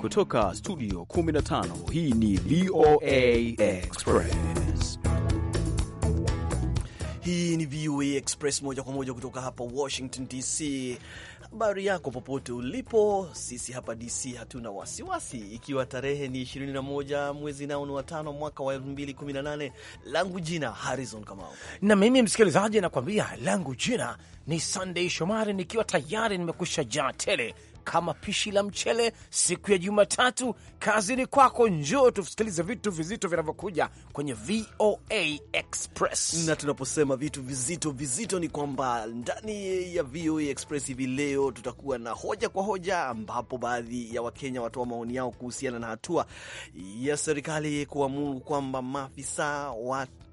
Kutoka studio 15 hii ni VOA Express. Hii ni VOA Express moja kwa moja kutoka hapa Washington DC. Habari yako popote ulipo, sisi hapa DC hatuna wasiwasi wasi. Ikiwa tarehe ni 21 mwezi nao ni watano mwaka wa 2018, langu jina Harrison Kamau, na mimi msikilizaji nakwambia langu jina ni Sunday Shomari, nikiwa tayari nimekusha jaa tele kama pishi la mchele siku ya Jumatatu. Kazini kwako, njoo tusikilize vitu vizito vinavyokuja kwenye VOA Express. Na tunaposema vitu vizito vizito, ni kwamba ndani ya VOA Express hivi leo tutakuwa na hoja kwa hoja, ambapo baadhi ya Wakenya watoa maoni yao kuhusiana na hatua ya serikali kuamuru kwamba maafisa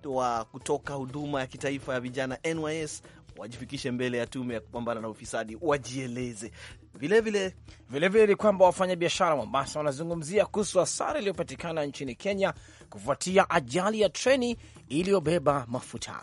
wa kutoka huduma ya kitaifa ya vijana NYS wajifikishe mbele ya tume ya kupambana na ufisadi wajieleze. Vilevile vilevile ni kwamba wafanyabiashara Mombasa wanazungumzia kuhusu hasara iliyopatikana nchini Kenya kufuatia ajali ya treni iliyobeba mafuta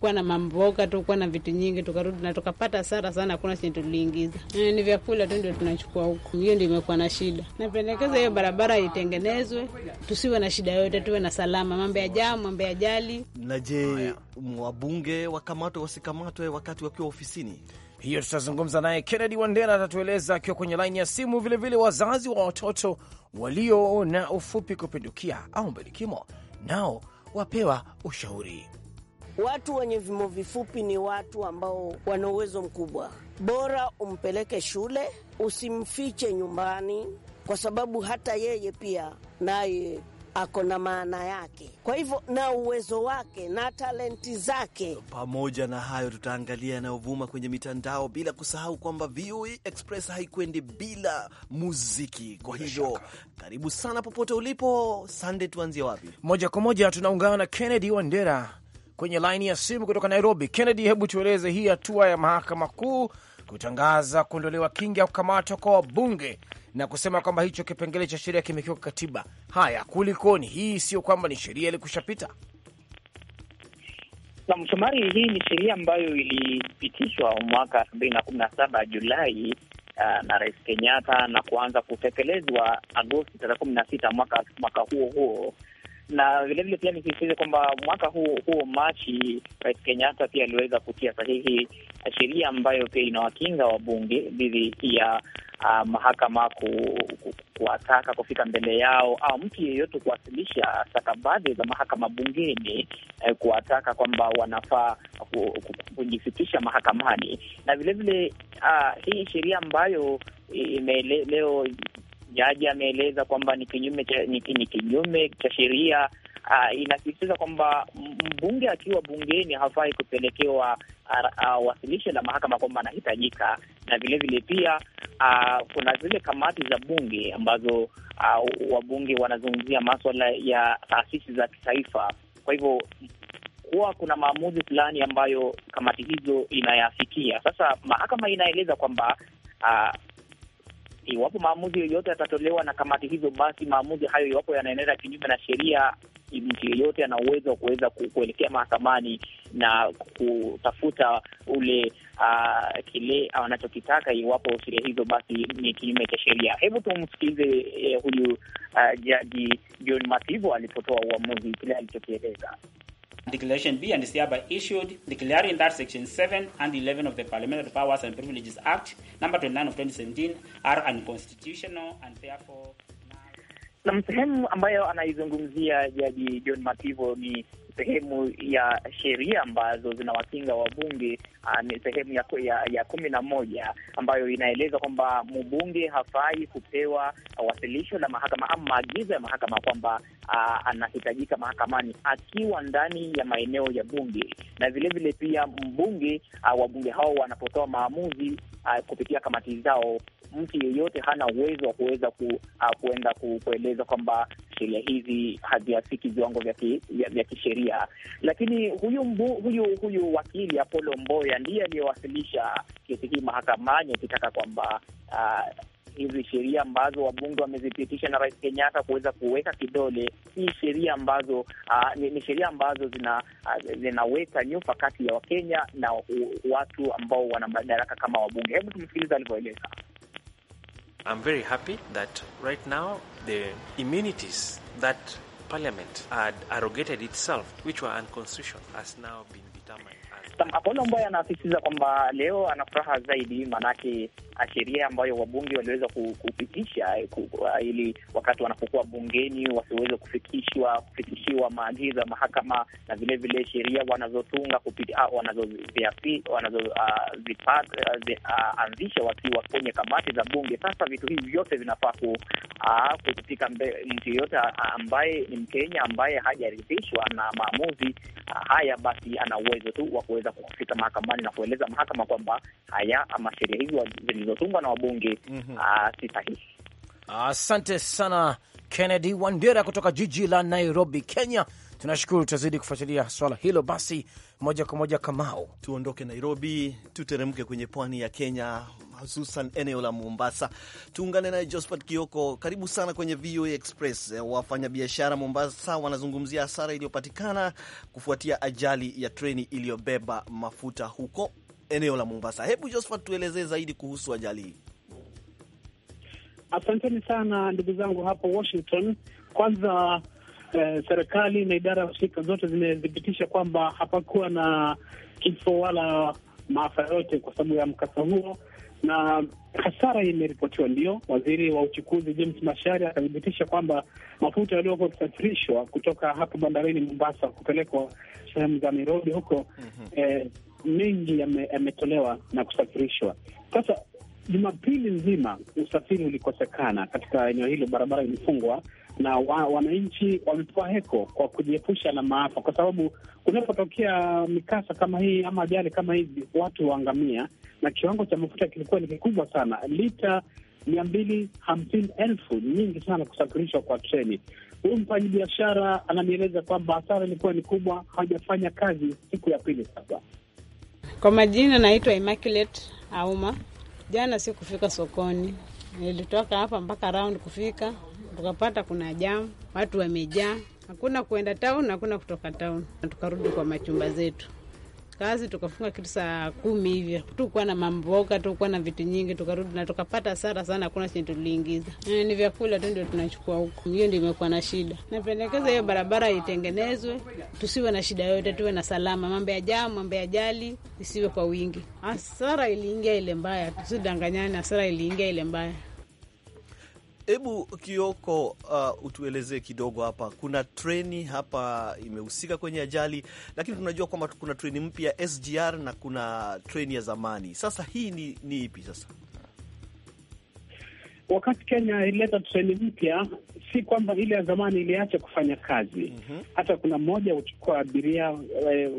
kuwa na mamboga tulikuwa na vitu nyingi, tukarudi na tukapata hasara sana, hakuna chenye tuliingiza. Eh, ni vyakula tu ndio tunachukua huku, hiyo ndio imekuwa na shida. Napendekeza hiyo barabara itengenezwe, tusiwe na shida yoyote, tuwe na salama, mambo ya jamu, mambo ya ajali. Na je, wabunge wakamatwe wasikamatwe wakati wakiwa ofisini? hiyo tutazungumza naye Kennedy Wandera atatueleza akiwa kwenye laini ya simu. Vilevile wazazi wa watoto walio na ufupi kupindukia au mbilikimo nao wapewa ushauri. Watu wenye vimo vifupi ni watu ambao wana uwezo mkubwa, bora umpeleke shule, usimfiche nyumbani, kwa sababu hata yeye pia naye ako na maana yake, kwa hivyo na uwezo wake na talenti zake. Pamoja na hayo, tutaangalia yanayovuma kwenye mitandao, bila kusahau kwamba VOA e Express haikwendi bila muziki. Kwa hivyo karibu sana popote ulipo. Sande, tuanzie wapi? Moja kwa moja tunaungana na Kennedy Wandera kwenye laini ya simu kutoka Nairobi. Kennedy, hebu tueleze hii hatua ya mahakama kuu kutangaza kuondolewa kinga ya kukamatwa kwa wabunge na kusema kwamba hicho kipengele cha sheria kimekiwa katiba. Haya, kulikoni? Hii sio kwamba ni sheria ilikushapita na msomari, hii ni sheria ambayo ilipitishwa mwaka elfu mbili na kumi na saba Julai ah, na Rais Kenyatta na kuanza kutekelezwa Agosti tarehe kumi na sita mwaka mwaka huo huo na vilevile pia nisisitize kwamba mwaka huo huo Machi, Rais Kenyatta pia aliweza kutia sahihi sheria ambayo pia inawakinga wabunge dhidi ya uh, mahakama kuwataka kufika mbele yao au ah, mtu yeyote kuwasilisha stakabadhi za mahakama bungeni eh, kuwataka kwamba wanafaa kujifikisha mahakamani na vilevile uh, ah, hii sheria ambayo imeleo jaji ameeleza kwamba ni kinyume cha, ni kinyume cha sheria uh, inasisitiza kwamba mbunge akiwa bungeni hafai kupelekewa uh, uh, wasilisho la mahakama kwamba anahitajika, na vilevile vile pia uh, kuna zile kamati za bunge ambazo uh, wabunge wanazungumzia maswala ya taasisi za kitaifa. Kwa hivyo kuwa kuna maamuzi fulani ambayo kamati hizo inayafikia. Sasa mahakama inaeleza kwamba uh, Iwapo maamuzi yoyote yatatolewa na kamati hizo, basi maamuzi hayo, iwapo yanaenenda kinyume na sheria, mtu yeyote ana uwezo wa kuweza kuelekea mahakamani na kutafuta ule uh, kile anachokitaka iwapo sheria hizo basi ni kinyume cha sheria. Hebu tumsikilize eh, huyu uh, Jaji John Mativo alipotoa uamuzi kile alichokieleza. Declaration B and is hereby issued, declaring that Section 7 and 11 of the Parliamentary Powers and Privileges Act, number 29 of 2017, are unconstitutional and therefore. Na sehemu ambayo anaizungumzia Jaji John Mativo ni sehemu ya sheria ambazo zinawakinga wabunge uh, ni sehemu ya, ya, ya kumi na moja ambayo inaeleza kwamba mbunge hafai kupewa wasilisho la mahakama ama maagizo ya mahakama kwamba uh, anahitajika mahakamani akiwa ndani ya maeneo ya bunge, na vilevile pia mbunge uh, ah, wabunge hao wanapotoa maamuzi uh, kupitia kamati zao mtu yeyote hana uwezo wa kuweza ku, kuenda ku, kueleza kwamba sheria hizi haziafiki viwango vya kisheria. Lakini huyu mbu, huyu huyu wakili Apollo Mboya Mgombea ndiye aliyewasilisha kesi hii mahakamani akitaka kwamba uh, hizi sheria ambazo wabunge wamezipitisha na Rais Kenyatta kuweza kuweka kidole, si sheria ambazo uh, ni, ni sheria ambazo zina, uh, zinaweka nyufa kati ya Wakenya na u, watu ambao wana madaraka kama wabunge. Hebu tumsikiliza alivyoeleza. I'm very happy that right now the immunities that parliament had arrogated itself which were unconstitutional has now been determined Apolo ambaye anasisitiza kwamba leo ana furaha zaidi, maanake sheria ambayo wabunge waliweza kupitisha eh, eh, ili wakati wanapokuwa bungeni wasiweze kufikishwa kufikishiwa maagizo ya mahakama na vilevile sheria wanazotunga ah, wanazoanzisha ah, eh, ah, wakiwa kwenye kamati za bunge. Sasa vitu hivi vyote vinafaa kupitika. mtu yeyote ambaye ni Mkenya ambaye hajaridhishwa na maamuzi haya, basi ana uwezo tu wa kuweza kufika mahakamani na kueleza mahakama kwamba haya ama sheria zilizotungwa na wabunge mm -hmm. uh, si sahihi. Asante sana Kennedy Wandera kutoka jiji la Nairobi, Kenya. Tunashukuru, tutazidi kufuatilia swala hilo. Basi moja kwa moja, Kamao, tuondoke Nairobi, tuteremke kwenye pwani ya Kenya, hususan eneo la Mombasa. Tuungane naye Josphat Kioko, karibu sana kwenye VOA Express. Wafanyabiashara Mombasa wanazungumzia hasara iliyopatikana kufuatia ajali ya treni iliyobeba mafuta huko eneo la Mombasa. Hebu Josephat, tuelezee zaidi kuhusu ajali hii. Asanteni sana ndugu zangu hapo Washington. Kwanza eh, serikali na idara husika zote zimethibitisha kwamba hapakuwa na kifo wala maafa yote kwa sababu ya mkasa huo, na hasara imeripotiwa ndio. Waziri wa uchukuzi James Mashari akathibitisha kwamba mafuta yaliyokuwa kusafirishwa kutoka hapo bandarini Mombasa kupelekwa sehemu za Nairobi huko mm -hmm. eh, mengi yametolewa me, na kusafirishwa sasa. Jumapili nzima usafiri ulikosekana katika eneo hilo, barabara ilifungwa na wananchi wa wamepewa heko kwa kujiepusha na maafa, kwa sababu kunapotokea mikasa kama hii ama ajali kama hizi watu waangamia, na kiwango cha mafuta kilikuwa ni kikubwa sana, lita mia mbili hamsini elfu nyingi sana kusafirishwa kwa treni. Huyu mfanyi biashara ananieleza kwamba hasara ilikuwa ni kubwa, hawajafanya kazi siku ya pili sasa. Kwa majina naitwa Immaculate Auma. Jana si kufika sokoni, nilitoka hapa mpaka round kufika, tukapata kuna jamu, watu wamejaa, hakuna kuenda town, hakuna kutoka town, tukarudi kwa machumba zetu kazi tukafunga kitu saa kumi hivi. Tukuwa na mamboka, tukuwa na vitu nyingi, tukarudi na tukapata sara sana, hakuna chenye tuliingiza. Eh, ni vyakula tu ndio tunachukua huku. Hiyo ndio imekuwa na shida. Napendekeza hiyo barabara itengenezwe, tusiwe na shida yoyote, tuwe na salama. Mambo ya jamu, mambo ya jali isiwe kwa wingi. Hasara iliingia ile mbaya, tusidanganyane, hasara iliingia ile mbaya. Hebu Kioko, uh, utuelezee kidogo hapa. Kuna treni hapa imehusika kwenye ajali, lakini tunajua kwamba kuna treni mpya SGR na kuna treni ya zamani. Sasa hii ni, ni ipi sasa? Wakati Kenya ilileta treni mpya, si kwamba ile ya zamani iliacha kufanya kazi. mm -hmm. Hata kuna mmoja huchukua abiria eh,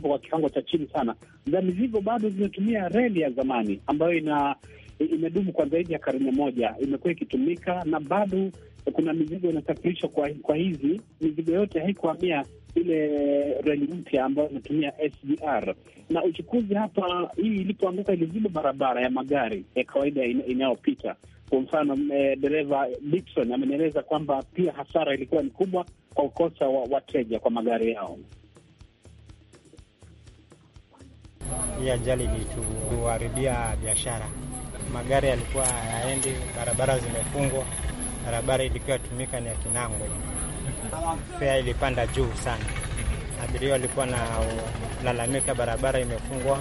kwa kiwango cha chini sana za mizigo, bado zinatumia reli ya zamani ambayo ina imedumu kwa zaidi ya karne moja, imekuwa ikitumika na bado kuna mizigo inasafirishwa kwa, kwa hizi mizigo yote haikuhamia ile reli mpya ambayo inatumia SGR na uchukuzi hapa. Hii ilipoanguka iliziba barabara ya magari ya kawaida inayopita. Kwa mfano, eh, dereva Dickson amenieleza kwamba pia hasara ilikuwa ni kubwa kwa ukosa wa wateja kwa magari yao. Hii ajali tuharibia biashara magari yalikuwa hayaendi, barabara zimefungwa, barabara ilikuwa tumika ni ya kinango Fea ilipanda juu sana, abiria walikuwa na lalamika, barabara imefungwa,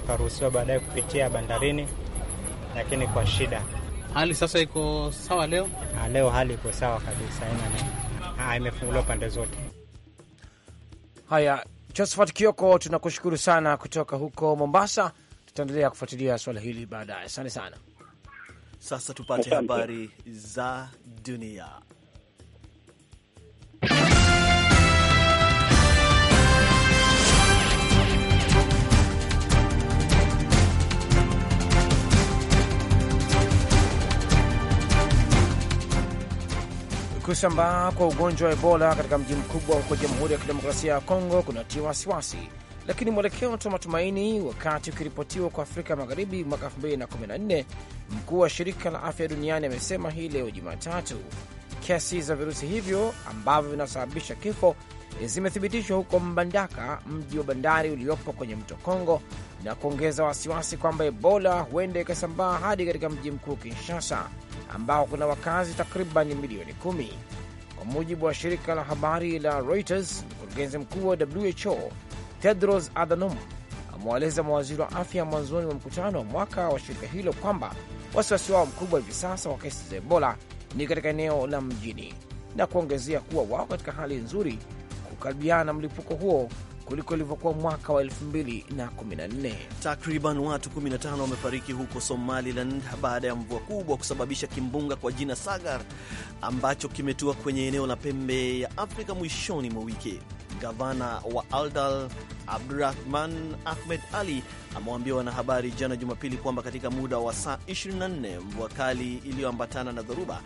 tukaruhusiwa baadaye kupitia bandarini, lakini kwa shida. Hali sasa iko sawa leo? Ha, ah, leo hali iko sawa kabisa, ina ah, imefunguliwa pande zote. Haya, Josephat Kioko, tunakushukuru sana kutoka huko Mombasa tutaendelea kufuatilia swala hili baadaye. Asante sana. Sasa tupate habari za dunia. Kusambaa kwa ugonjwa wa Ebola katika mji mkubwa huko Jamhuri ya Kidemokrasia ya Kongo kunatia wasiwasi lakini mwelekeo wa matumaini wakati ukiripotiwa kwa Afrika Magharibi mwaka 2014. Mkuu wa shirika la afya duniani amesema hii leo Jumatatu kesi za virusi hivyo ambavyo vinasababisha kifo zimethibitishwa huko Mbandaka, mji wa bandari uliopo kwenye mto Kongo, na kuongeza wasiwasi kwamba Ebola huenda ikasambaa hadi katika mji mkuu Kinshasa, ambao kuna wakazi takriban milioni kumi. Kwa mujibu wa shirika la habari la Reuters, mkurugenzi mkuu wa WHO Tedros Adhanom amewaeleza mawaziri wa afya mwanzoni mwa mkutano wa mwaka wa shirika hilo kwamba wasiwasi wao mkubwa hivi sasa wa kesi za Ebola ni katika eneo la mjini, na kuongezea kuwa wao katika hali nzuri kukabiliana na mlipuko huo kuliko ilivyokuwa mwaka wa 2014. Takriban watu 15 wamefariki huko Somaliland baada ya mvua kubwa kusababisha kimbunga kwa jina Sagar ambacho kimetua kwenye eneo la pembe ya Afrika mwishoni mwa wiki. Gavana wa Aldal Abdurahman Ahmed Ali amewaambia wanahabari jana Jumapili kwamba katika muda wa saa 24 mvua kali iliyoambatana na dhoruba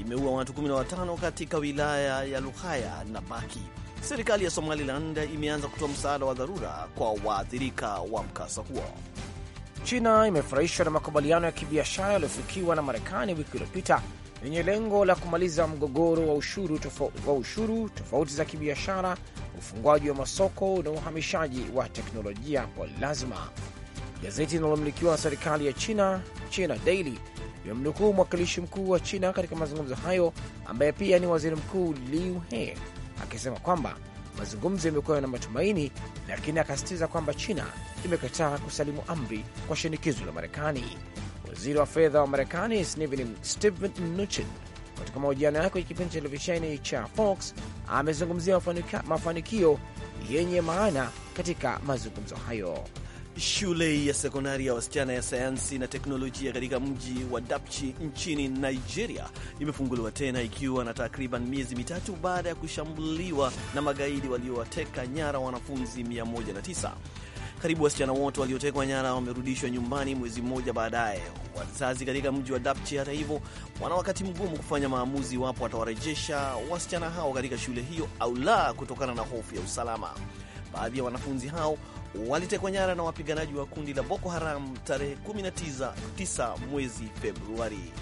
imeua watu 15 katika wilaya ya Luhaya na Baki. Serikali ya Somaliland imeanza kutoa msaada wa dharura kwa waathirika wa mkasa huo. China imefurahishwa na makubaliano ya kibiashara yaliyofikiwa na Marekani wiki iliyopita yenye lengo la kumaliza mgogoro wa ushuru, tofo, wa ushuru, tofauti za kibiashara, ufunguaji wa masoko na uhamishaji wa teknolojia kwa lazima. Gazeti linalomilikiwa na serikali ya China, China Daily, limemnukuu mwakilishi mkuu wa China katika mazungumzo hayo ambaye pia ni waziri mkuu Liu He akisema kwamba mazungumzo yamekuwa na matumaini, lakini akasisitiza kwamba China imekataa kusalimu amri kwa shinikizo la Marekani. Waziri wa fedha wa Marekani Steven Mnuchin katika mahojiano yake kwenye kipindi cha televisheni cha Fox amezungumzia mafanikio yenye maana katika mazungumzo hayo. Shule ya sekondari ya wasichana ya sayansi na teknolojia katika mji wa Dapchi nchini Nigeria imefunguliwa tena ikiwa na takriban miezi mitatu baada ya kushambuliwa na magaidi waliowateka nyara wanafunzi 109. Karibu wasichana wote waliotekwa nyara wamerudishwa nyumbani mwezi mmoja baadaye. Wazazi katika mji wa Dapchi, hata hivyo, wana wakati mgumu kufanya maamuzi iwapo watawarejesha wasichana hao katika shule hiyo au la, kutokana na hofu ya usalama. Baadhi ya wanafunzi hao walitekwa nyara na wapiganaji wa kundi la Boko Haram tarehe 19 mwezi Februari.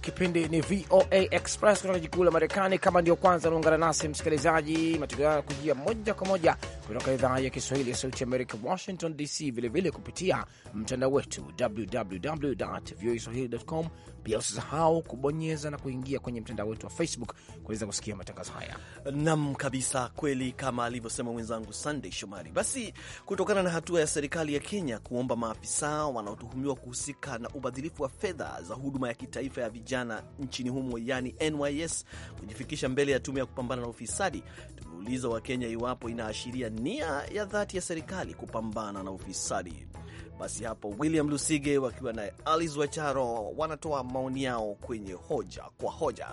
Kipindi ni VOA Express kutoka jikuu la Marekani. Kama ndio kwanza unaungana nasi msikilizaji, matukio haya kujia moja kwa moja kutoka idhaa ya Kiswahili ya Sauti Amerika, Washington DC, vilevile vile kupitia mtandao wetu www voa swahilicom. Pia usisahau kubonyeza na kuingia kwenye mtandao wetu wa Facebook kuweza kusikia matangazo haya. Nam kabisa, kweli kama alivyosema mwenzangu Sandey Shomari. Basi, kutokana na hatua ya serikali ya Kenya kuomba maafisa wanaotuhumiwa kuhusika na ubadhilifu wa fedha za huduma ya kitaifa ya vijana nchini humo, yani NYS, kujifikisha mbele ya tume ya kupambana na ufisadi, tumeuliza Wakenya iwapo inaashiria nia ya dhati ya serikali kupambana na ufisadi. Basi hapo William Lusige wakiwa naye Alice Wacharo wanatoa maoni yao kwenye hoja kwa hoja.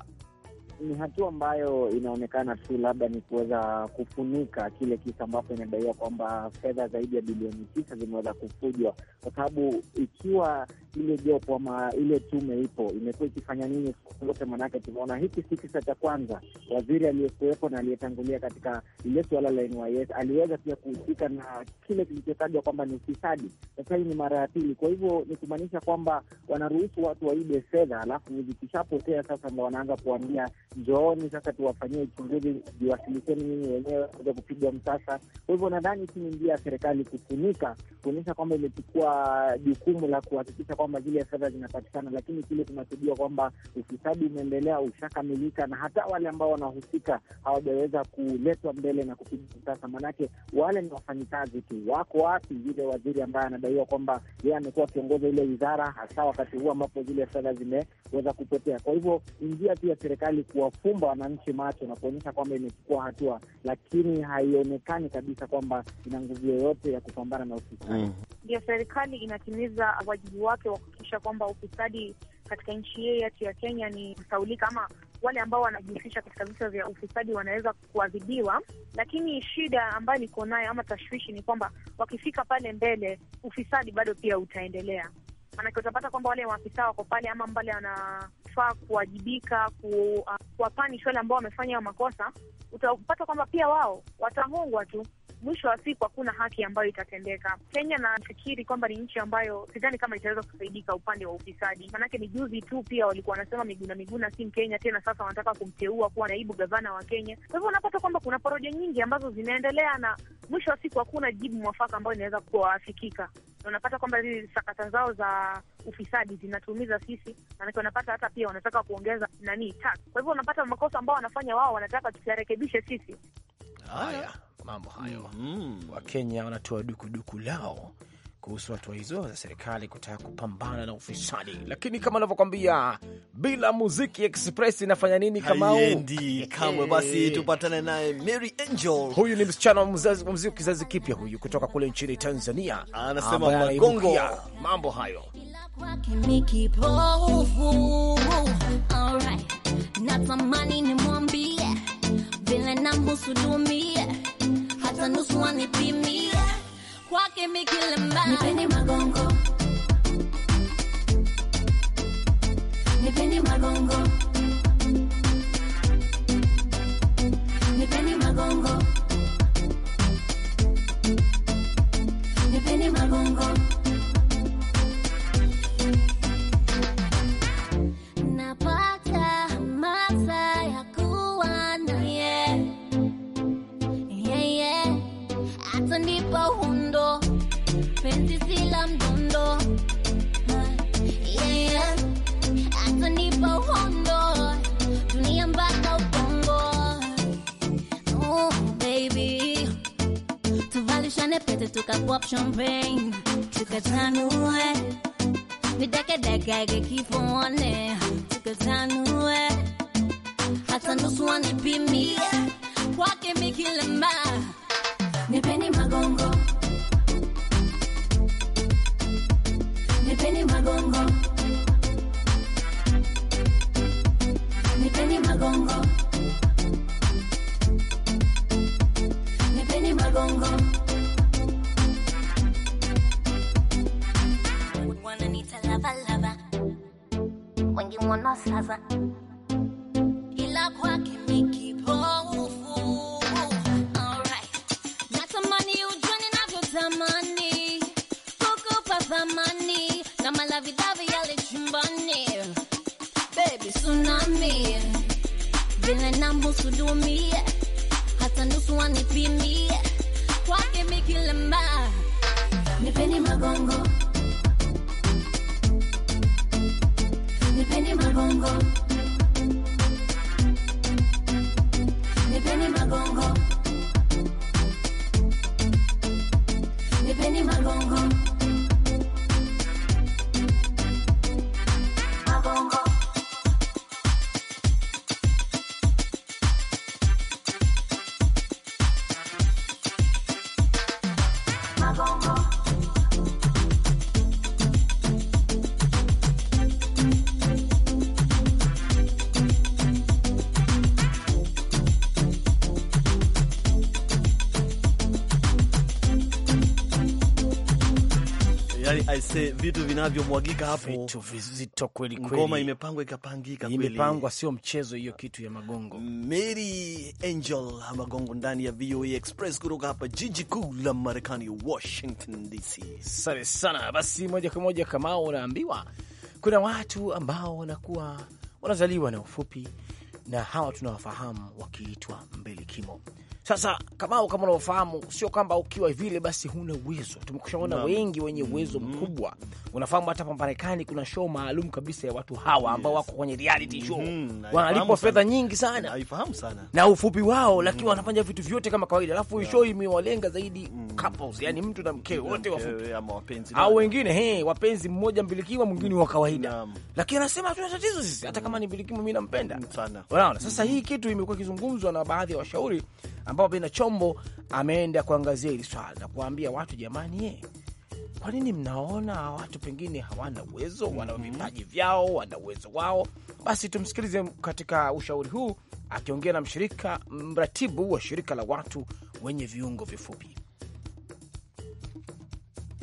Ni hatua ambayo inaonekana tu labda ni kuweza kufunika kile kisa ambapo inadaiwa kwamba fedha zaidi ya bilioni tisa zimeweza kufujwa, kwa sababu ikiwa ile jopo ama ile tume ipo imekuwa ikifanya nini siku zote? Maanake tumeona hiki si kisa cha kwanza. Waziri aliyekuwepo na aliyetangulia katika ile suala la NYS aliweza pia kuhusika na kile kilichotajwa kwamba ni ufisadi. Sasa hii ni mara ya pili, kwa hivyo ni kumaanisha kwamba wanaruhusu watu waibe fedha, alafu zikishapotea sasa ndo wanaanza kuambia njooni, sasa tuwafanyie uchunguzi, jiwasilisheni nyinyi wenyewe kuja kupigwa msasa. Kwa hivyo nadhani hii ni njia ya serikali kufunika kuonyesha kwamba imechukua jukumu la kuhakikisha kwamba zile fedha zinapatikana, lakini kile tunachojua kwamba ufisadi umeendelea, ushakamilika, na hata wale ambao wanahusika hawajaweza kuletwa mbele na kupigwa sasa. Maanake wale ni wafanyikazi tu. Wako wapi yule waziri ambaye anadaiwa kwamba yeye amekuwa akiongoza ile wizara, hasa wakati huu ambapo zile fedha zimeweza kupotea? Kwa hivyo njia tu ya serikali kuwafumba wananchi macho na kuonyesha kwamba imechukua hatua, lakini haionekani kabisa kwamba ina nguvu yoyote ya kupambana na ufisadi. Mm. Ndio mm, serikali inatimiza wajibu wake wa kuhakikisha kwamba ufisadi katika nchi hii yetu ya Kenya ni kusaulika ama wale ambao wanajihusisha katika visa vya ufisadi wanaweza kuadhibiwa, lakini shida ambayo niko nayo ama tashwishi ni kwamba wakifika pale mbele, ufisadi bado pia utaendelea. Maanake utapata kwamba wale maafisa wako pale ama mbale wanafaa kuwajibika uh, kuwapanish wale ambao wamefanya makosa, utapata kwamba pia wao watahongwa tu mwisho wa siku hakuna haki ambayo itatendeka. Kenya nafikiri kwamba ni nchi ambayo sidhani kama itaweza kusaidika upande wa ufisadi, maanake ni juzi tu pia walikuwa wanasema Miguna Miguna si Mkenya tena, sasa wanataka kumteua kuwa naibu gavana wa Kenya. Kwa hivyo unapata kwamba kuna poroja nyingi ambazo zinaendelea, na mwisho wa siku hakuna jibu mwafaka ambayo inaweza kuwafikika unapata kwamba hizi sakata zao za ufisadi zinatuumiza sisi, maanake wanapata hata pia wanataka kuongeza nani tax. Kwa hivyo unapata makosa ambao wanafanya wao wanataka tusiyarekebishe sisi. Haya, mambo hayo. Mm. Wakenya wanatoa dukuduku lao kuhusu hatua hizo za serikali kutaka kupambana na ufisadi, lakini kama anavyokwambia bila muziki express inafanya nini? Haiendi kamwe. Basi eh. tupatane naye Mary Angel. Huyu ni msichana wa muziki wa kizazi kipya huyu kutoka kule nchini Tanzania, anasema magongo mambo hayo kwanza nusu wanipimie kwake mikilemba nipeni magongo nipeni magongo gotta keep on running. Took a time aise, vitu vinavyomwagika hapo, vitu vizito kweli kweli. Ngoma imepangwa ikapangika kweli, imepangwa sio mchezo hiyo, kitu ya magongo. Mary Angel magongo ndani ya VOA Express kutoka hapa jiji kuu la Marekani, Washington DC. Sare sana. Basi moja kwa moja, kama unaambiwa kuna watu ambao wanakuwa wanazaliwa na ufupi, na hawa tunawafahamu wakiitwa kimo sasa Kamau, kama unavyofahamu, sio kwamba ukiwa vile basi huna uwezo. Tumekushaona wengi wenye uwezo mm -hmm. mkubwa. Unafahamu hata hapa Marekani kuna show maalum kabisa ya watu hawa ambao yes. wako kwenye reality show mm -hmm. wanalipwa fedha nyingi sana, naifahamu sana na ufupi wao, lakini mm -hmm. wanafanya vitu vyote kama kawaida, alafu yeah. show imewalenga zaidi mm -hmm. couples, yani mtu na mke wote wafupi au wengine he, wapenzi mmoja mbilikiwa mwingine wa kawaida lakini anasema hatuna tatizo sisi hata kama ni mbilikiwa mimi nampenda mm, sana. Unaona sasa mm-hmm. hii kitu imekuwa kizungumzwa na baadhi ya washauri ambapo Bena Chombo ameenda kuangazia hili swala na kuwaambia watu jamani, ye, eh, kwa nini mnaona watu pengine hawana uwezo? Wana mhm. vipaji vyao, wana uwezo wao. Basi tumsikilize katika ushauri huu akiongea na mshirika mratibu wa shirika la watu wenye viungo vifupi.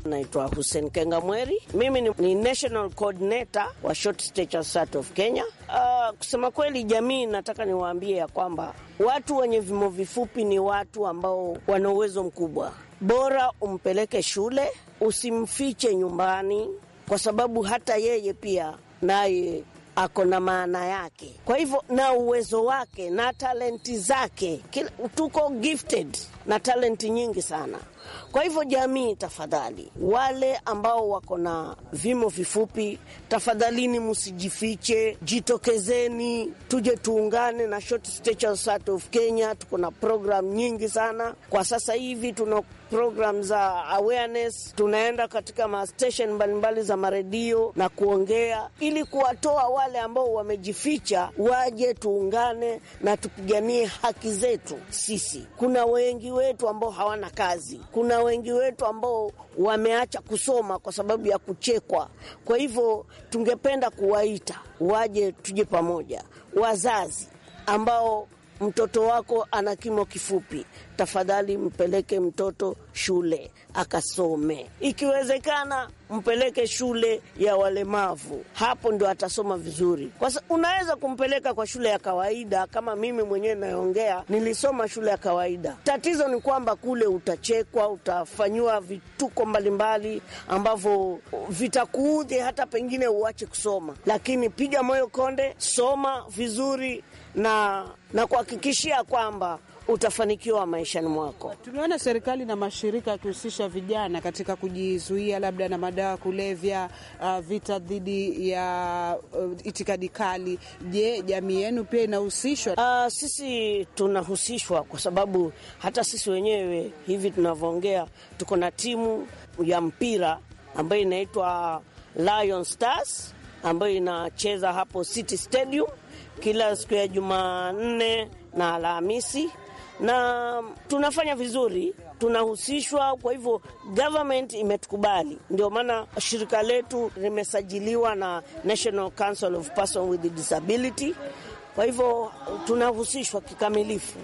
Naitwa Hussein Kenga Mweri, mimi ni, ni national coordinator wa Short Stature Society of Kenya. Uh, kusema kweli, jamii nataka niwaambie ya kwamba watu wenye vimo vifupi ni watu ambao wana uwezo mkubwa. Bora umpeleke shule, usimfiche nyumbani, kwa sababu hata yeye pia naye ako na maana yake, kwa hivyo na uwezo wake na talenti zake. Tuko gifted na talenti nyingi sana. Kwa hivyo jamii, tafadhali, wale ambao wako na vimo vifupi, tafadhalini msijifiche, jitokezeni, tuje tuungane na Short Stature Society of Kenya. Tuko na program nyingi sana kwa sasa hivi, tuna program za awareness, tunaenda katika mastation mbalimbali za maredio na kuongea ili kuwatoa wale ambao wamejificha, waje tuungane na tupiganie haki zetu sisi. Kuna wengi wengi wetu ambao hawana kazi, kuna wengi wetu ambao wameacha kusoma kwa sababu ya kuchekwa. Kwa hivyo tungependa kuwaita waje, tuje pamoja, wazazi ambao mtoto wako ana kimo kifupi, tafadhali mpeleke mtoto shule akasome. Ikiwezekana mpeleke shule ya walemavu, hapo ndo atasoma vizuri. Kwa sababu unaweza kumpeleka kwa shule ya kawaida. Kama mimi mwenyewe nayoongea, nilisoma shule ya kawaida. Tatizo ni kwamba kule utachekwa, utafanyiwa vituko mbalimbali ambavyo vitakuudhi, hata pengine uache kusoma. Lakini piga moyo konde, soma vizuri, na na kuhakikishia kwamba utafanikiwa maishani mwako. Tumeona serikali na mashirika yakihusisha vijana katika kujizuia labda na madawa kulevya, uh, vita dhidi ya uh, itikadi kali. Je, jamii yenu pia inahusishwa? Uh, sisi tunahusishwa kwa sababu hata sisi wenyewe hivi tunavyoongea, tuko na timu ya mpira ambayo inaitwa Lion Stars ambayo inacheza hapo City Stadium kila siku ya Jumanne na Alhamisi, na tunafanya vizuri, tunahusishwa. Kwa hivyo government imetukubali, ndio maana shirika letu limesajiliwa na National Council of Person with Disability. Kwa hivyo tunahusishwa kikamilifu.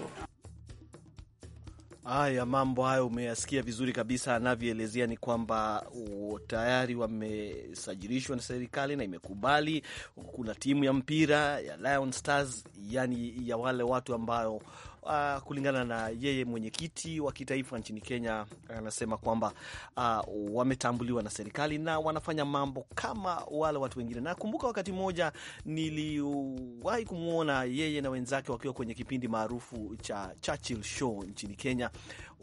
Haya mambo hayo umeyasikia vizuri kabisa, anavyoelezea ni kwamba tayari wamesajilishwa na serikali na imekubali. Kuna timu ya mpira ya Lion Stars, yani ya wale watu ambao uh, kulingana na yeye mwenyekiti wa kitaifa nchini Kenya anasema kwamba uh, wametambuliwa na serikali na wanafanya mambo kama wale watu wengine. Nakumbuka wakati mmoja niliwahi kumwona yeye na wenzake wakiwa kwenye kipindi maarufu cha Churchill Show nchini Kenya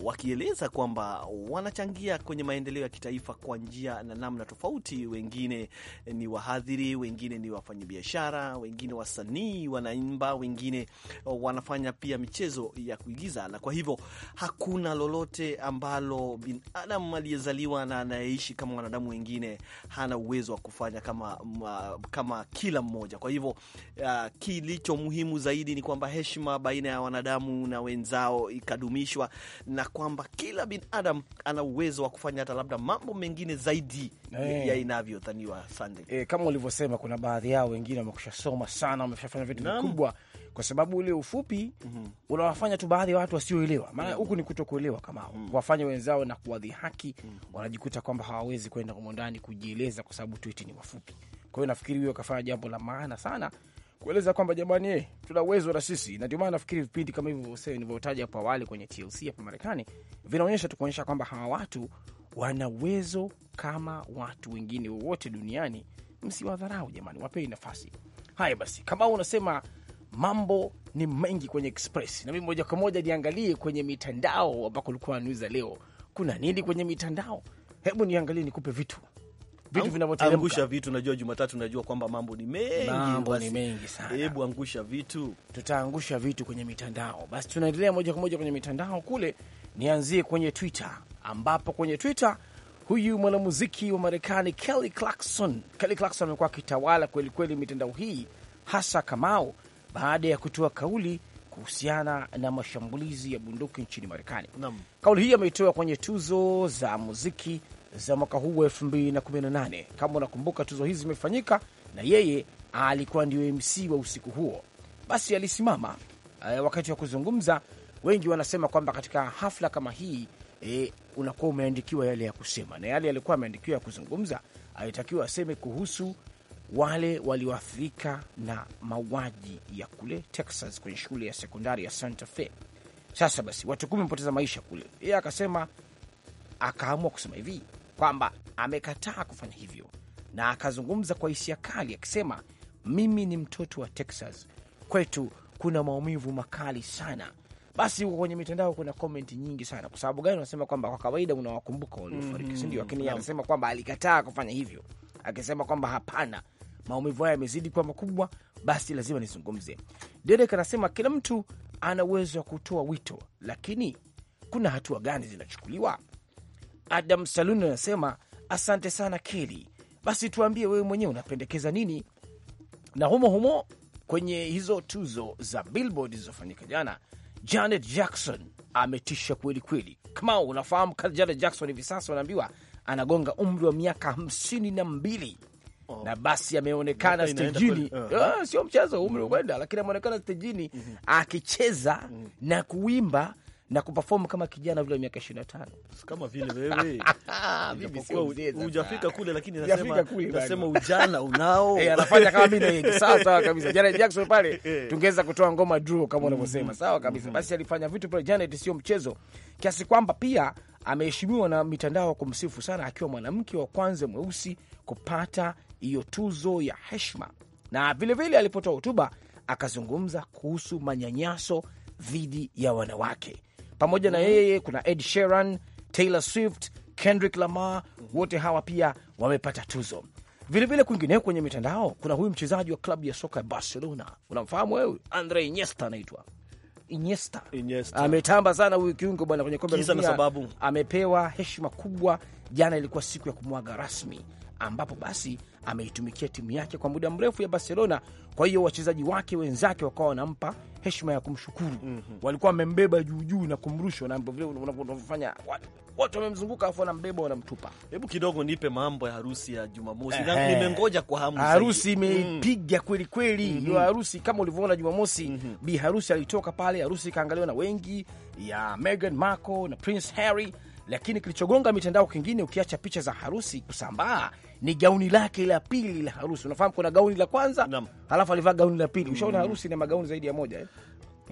wakieleza kwamba wanachangia kwenye maendeleo ya kitaifa kwa njia na namna tofauti. Wengine ni wahadhiri, wengine ni wafanyabiashara, wengine wasanii wanaimba, wengine wanafanya pia michezo michezo ya kuigiza, na kwa hivyo hakuna lolote ambalo binadamu aliyezaliwa na anayeishi kama wanadamu wengine hana uwezo wa kufanya kama, kama kila mmoja. Kwa hivyo uh, kilicho muhimu zaidi ni kwamba heshima baina ya wanadamu na wenzao ikadumishwa, na kwamba kila binadamu ana uwezo wa kufanya hata labda mambo mengine zaidi hey, eh. ya inavyodhaniwa. Sande, hey, eh, kama ulivyosema, kuna baadhi yao wengine soma sana, wameshafanya vitu vikubwa kwa sababu ule ufupi mm -hmm. unawafanya tu baadhi ya watu wasioelewa, maana huku ni kuto kuelewa kama mm -hmm. wafanya wenzao na kuwadhi haki mm -hmm. wanajikuta kwamba hawawezi kwenda humo ndani kujieleza kwa sababu twiti ni wafupi. Kwa hiyo nafikiri huyo akafanya jambo la maana sana kueleza kwamba jamani, eh, tuna uwezo na sisi, na ndio maana nafikiri vipindi kama hivyo nilivyotaja hapo awali kwenye TLC hapa Marekani vinaonyesha tu kuonyesha kwamba hawa watu wana uwezo kama watu wengine wowote duniani. Msiwadharau jamani, wapei nafasi. Haya basi, kama unasema mambo ni mengi kwenye Express na mimi moja kwa moja niangalie kwenye mitandao ambako ulikuwa niuza leo. Kuna nini kwenye mitandao? Hebu niangalie nikupe vitu vitu vinavyoteremka. Angusha vitu, najua Jumatatu, najua kwamba mambo ni mengi, mambo ni mengi sana. Hebu angusha vitu, tutaangusha vitu kwenye mitandao. Basi tunaendelea moja kwa moja kwenye mitandao kule, nianzie kwenye Twitter ambapo kwenye Twitter huyu mwanamuziki wa Marekani Kelly Clarkson, Kelly Clarkson amekuwa akitawala kwelikweli mitandao hii, hasa Kamau baada ya kutoa kauli kuhusiana na mashambulizi ya bunduki nchini Marekani. Kauli hii ameitoa kwenye tuzo za muziki za mwaka huu wa 2018. Kama unakumbuka, tuzo hizi zimefanyika na yeye alikuwa ndio MC wa usiku huo. Basi alisimama e, wakati wa kuzungumza. Wengi wanasema kwamba katika hafla kama hii e, unakuwa umeandikiwa yale ya kusema, na yale yalikuwa ameandikiwa ya kuzungumza, alitakiwa aseme kuhusu wale walioathirika na mauaji ya kule Texas kwenye shule ya sekondari ya Santa Fe. Sasa basi watu kumi wamepoteza maisha kule. Yeye akasema, akaamua kusema hivi kwamba amekataa kufanya hivyo, na akazungumza kwa hisia kali akisema, mimi ni mtoto wa Texas, kwetu kuna maumivu makali sana. Basi huko kwenye mitandao kuna komenti nyingi sana. Kwa sababu gani? Unasema kwamba kwa kawaida unawakumbuka waliofariki, sindio? Lakini mm-hmm. anasema kwamba alikataa kufanya hivyo, akisema kwamba hapana, maumivu haya yamezidi kuwa makubwa, basi lazima nizungumze. Dedek anasema kila mtu ana uwezo wa kutoa wito, lakini kuna hatua gani zinachukuliwa? Adam Salun anasema asante sana Keli, basi tuambie wewe mwenyewe unapendekeza nini? Na humo humo kwenye hizo tuzo za Billboard zilizofanyika jana, Janet Jackson ametisha kweli kweli. Kama unafahamu Janet Jackson hivi sasa unaambiwa anagonga umri wa miaka hamsini na mbili oh. na basi ameonekana stejini uh. Uh-huh. ah, sio mchezo umri mm -hmm. lakini ameonekana stejini mm -hmm. akicheza mm -hmm. na kuimba na kuperform kama kijana vile miaka 25 kama vile wewe hujafika kule, lakini nasema nasema ujana unao. Eh, anafanya kama mimi sawa sawa kabisa. Janet Jackson pale eh. tungeweza kutoa ngoma draw kama unavyosema, mm-hmm. sawa kabisa. Mm-hmm. Basi alifanya vitu pale Janet, sio mchezo, kiasi kwamba pia ameheshimiwa na mitandao kumsifu sana, akiwa mwanamke wa kwanza mweusi kupata hiyo tuzo ya heshima, na vilevile alipotoa hotuba akazungumza kuhusu manyanyaso dhidi ya wanawake. Pamoja na mhm. yeye kuna Ed Sheeran, Taylor Swift, Kendrick Lamar, wote hawa pia wamepata tuzo. Vilevile kwingineo kwenye mitandao kuna huyu mchezaji wa klabu ya soka ya Barcelona, unamfahamu wewe? Andre Iniesta anaitwa Iniesta. Iniesta ametamba sana huyu kiungo bwana kwenye kombe la dunia, amepewa heshima kubwa. Jana ilikuwa siku ya kumwaga rasmi ambapo basi ameitumikia timu yake kwa muda mrefu ya Barcelona. Kwa hiyo wachezaji wake wenzake wakawa wanampa heshima ya kumshukuru mm -hmm. Walikuwa wamembeba juujuu na kumrushwa na vile unavyofanya watu wamemzunguka, afu wanambeba wanamtupa. Hebu kidogo nipe mambo ya harusi ya Jumamosi na nimengoja kwa hamu. Harusi mm. imeipiga mm. kweli kweli mm -hmm. Harusi kama ulivyoona Jumamosi mm -hmm. Bi harusi alitoka pale, harusi ikaangaliwa na wengi ya Meghan Markle na Prince Harry lakini kilichogonga mitandao kingine, ukiacha picha za harusi kusambaa, ni gauni lake la pili la harusi. Unafahamu kuna gauni la kwanza Naam. halafu alivaa gauni la pili. Ushaona mm. harusi na magauni zaidi ya moja eh?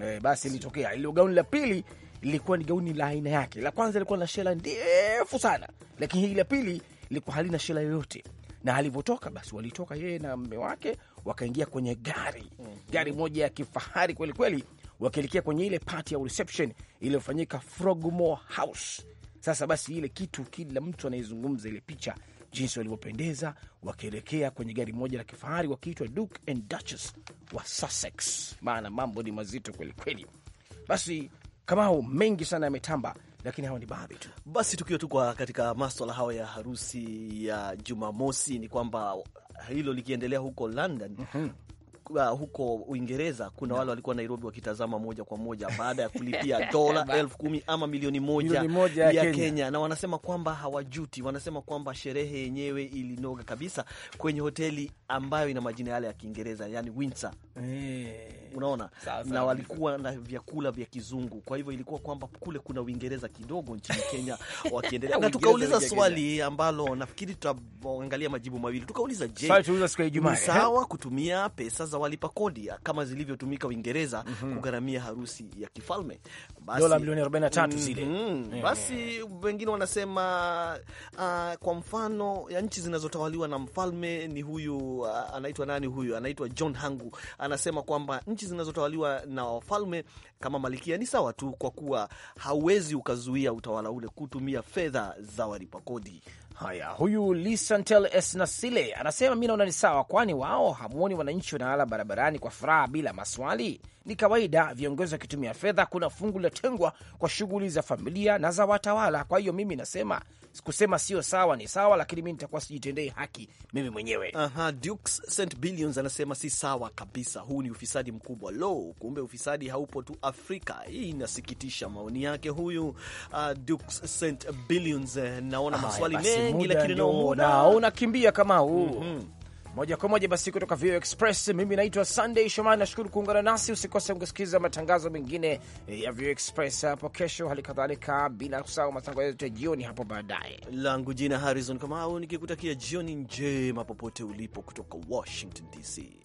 E, basi ilitokea ilo gauni la pili lilikuwa ni gauni la aina yake. La kwanza ilikuwa na shela ndefu sana, lakini hili la pili lilikuwa halina shela yoyote. Na alivyotoka basi, walitoka yeye na mme wake wakaingia kwenye gari mm -hmm. gari moja ya kifahari kweli kweli, wakielekea kwenye ile party ya reception iliyofanyika Frogmore House. Sasa basi, ile kitu kila mtu anaizungumza ile picha jinsi walivyopendeza wakielekea kwenye gari moja la kifahari wakiitwa Duke and Duchess wa Sussex. Maana mambo ni mazito kwelikweli. Basi Kamau, mengi sana yametamba, lakini hawa ni baadhi tu. Basi tukiwa tu katika maswala hayo ya harusi ya Jumamosi, ni kwamba hilo likiendelea huko London, mm -hmm uh, huko Uingereza kuna yeah. wale walikuwa Nairobi wakitazama moja kwa moja baada ya kulipia dola elfu kumi ama milioni moja, moja ya Kenya. Kenya na wanasema kwamba hawajuti, wanasema kwamba sherehe yenyewe ilinoga kabisa kwenye hoteli ambayo ina majina yale ya Kiingereza, yani Windsor Hey. Eh. Unaona na walikuwa na vyakula vya kizungu, kwa hivyo ilikuwa kwamba kule kuna Uingereza kidogo nchini Kenya wakiendelea na tukauliza swali ambalo nafikiri tutaangalia majibu mawili. Tukauliza, je, ni eh? sawa kutumia pesa za walipa kodi kama zilivyotumika Uingereza mm -hmm. kugharamia harusi ya kifalme dola milioni 43 zile? Mhm. Eh. Basi wengine wanasema uh, kwa mfano ya nchi zinazotawaliwa na mfalme ni huyu uh, anaitwa nani huyu anaitwa John Hangu anasema kwamba nchi zinazotawaliwa na wafalme kama malikia ni sawa tu, kwa kuwa hauwezi ukazuia utawala ule kutumia fedha za walipa kodi. Haya, huyu Lisantel Esnasile anasema mi naona ni sawa, kwani wao hamwoni wananchi wanalala barabarani kwa furaha bila maswali. Ni kawaida viongozi wakitumia fedha, kuna fungu lilotengwa kwa shughuli za familia na za watawala. Kwa hiyo mimi nasema kusema sio sawa ni sawa, lakini mi nitakuwa sijitendei haki mimi mwenyewe. Aha, Dukes St Billions anasema si sawa kabisa, huu ni ufisadi mkubwa. Lo, kumbe ufisadi haupo tu Afrika. Hii inasikitisha. Maoni yake huyu uh, Dukes St Billions. Eh, naona maswali mengi mengi, lakini naona unakimbia kama huu mm -hmm. Moja kwa moja basi kutoka VOA Express, mimi naitwa Sunday Shomari, nashukuru kuungana nasi. Usikose kusikiliza matangazo mengine ya VOA Express hapo kesho, hali kadhalika, bila kusahau matangazo yetu ya jioni hapo baadaye. Langu jina Harrison Kamau, nikikutakia jioni njema popote ulipo kutoka Washington DC.